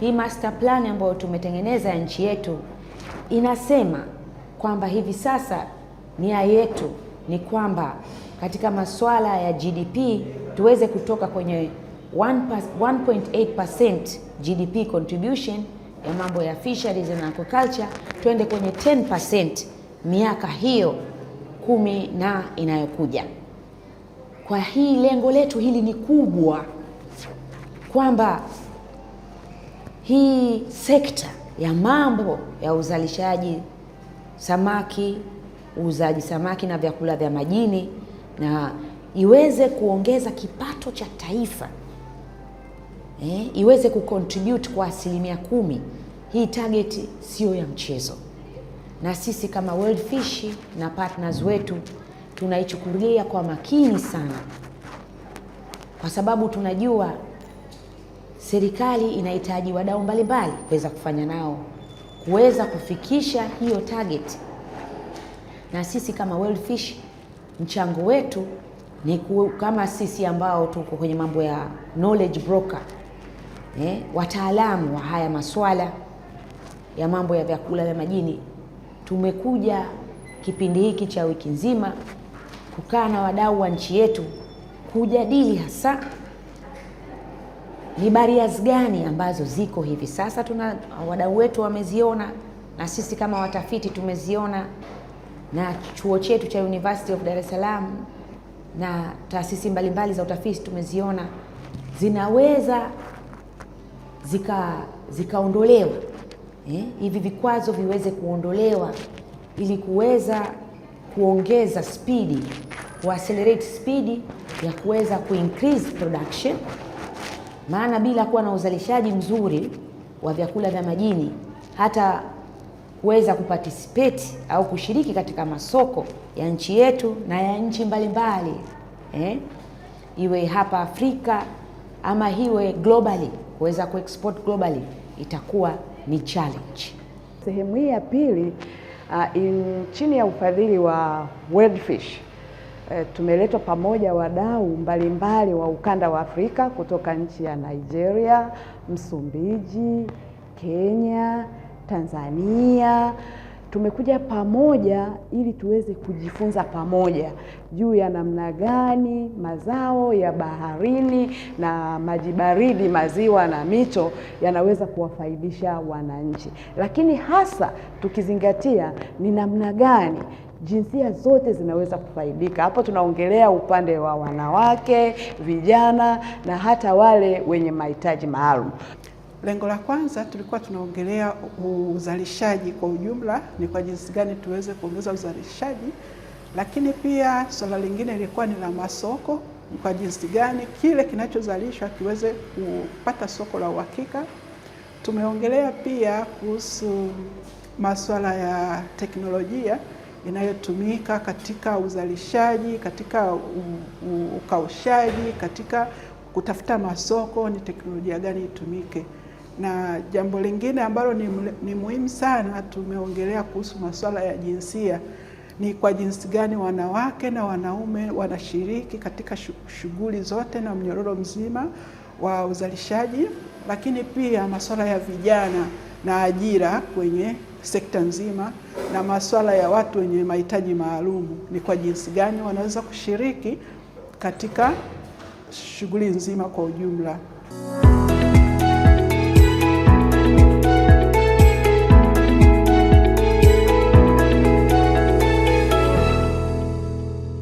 Hii master plan ambayo tumetengeneza ya nchi yetu inasema kwamba hivi sasa nia yetu ni kwamba katika masuala ya GDP tuweze kutoka kwenye 1.8% GDP contribution ya mambo ya fisheries and aquaculture twende kwenye 10% miaka hiyo kumi na inayokuja. Kwa hii lengo letu hili ni kubwa kwamba hii sekta ya mambo ya uzalishaji samaki, uuzaji samaki na vyakula vya majini, na iweze kuongeza kipato cha taifa eh, iweze kucontribute kwa asilimia kumi. Hii target siyo ya mchezo, na sisi kama World Fish na partners wetu tunaichukulia kwa makini sana, kwa sababu tunajua serikali inahitaji wadau mbalimbali kuweza kufanya nao kuweza kufikisha hiyo target, na sisi kama Fish mchango wetu ni ku, kama sisi ambao tuko kwenye mambo ya knowledge broker eh, wataalamu wa haya maswala ya mambo ya vyakula vya majini, tumekuja kipindi hiki cha wiki nzima kukaa na wadau wa nchi yetu kujadili hasa ni barriers gani ambazo ziko hivi sasa, tuna wadau wetu wameziona na sisi kama watafiti tumeziona, na chuo chetu cha University of Dar es Salaam na taasisi mbalimbali za utafiti tumeziona, zinaweza zika zikaondolewa eh, hivi vikwazo viweze kuondolewa ili kuweza kuongeza spidi, kuaccelerate spidi ya kuweza kuincrease production maana bila kuwa na uzalishaji mzuri wa vyakula vya majini hata kuweza kuparticipate au kushiriki katika masoko ya nchi yetu na ya nchi mbalimbali mbali. Eh? Iwe hapa Afrika ama hiwe globally, kuweza kuexport globally itakuwa ni challenge. Sehemu hii ya pili uh, in, chini ya ufadhili wa World Fish E, tumeletwa pamoja wadau mbalimbali wa ukanda wa Afrika kutoka nchi ya Nigeria, Msumbiji, Kenya, Tanzania. Tumekuja pamoja ili tuweze kujifunza pamoja juu ya namna gani mazao ya baharini na maji baridi, maziwa na mito yanaweza kuwafaidisha wananchi, lakini hasa tukizingatia ni namna gani jinsia zote zinaweza kufaidika. Hapo tunaongelea upande wa wanawake, vijana na hata wale wenye mahitaji maalum. Lengo la kwanza tulikuwa tunaongelea uzalishaji kwa ujumla, ni kwa jinsi gani tuweze kuongeza uzalishaji, lakini pia swala lingine lilikuwa ni la masoko, kwa jinsi gani kile kinachozalishwa kiweze kupata soko la uhakika. Tumeongelea pia kuhusu masuala ya teknolojia inayotumika katika uzalishaji, katika ukaushaji, katika kutafuta masoko, ni teknolojia gani itumike. Na jambo lingine ambalo ni, ni muhimu sana, tumeongelea kuhusu masuala ya jinsia, ni kwa jinsi gani wanawake na wanaume wanashiriki katika shughuli zote na mnyororo mzima wa uzalishaji, lakini pia masuala ya vijana na ajira kwenye sekta nzima na masuala ya watu wenye mahitaji maalum, ni kwa jinsi gani wanaweza kushiriki katika shughuli nzima kwa ujumla.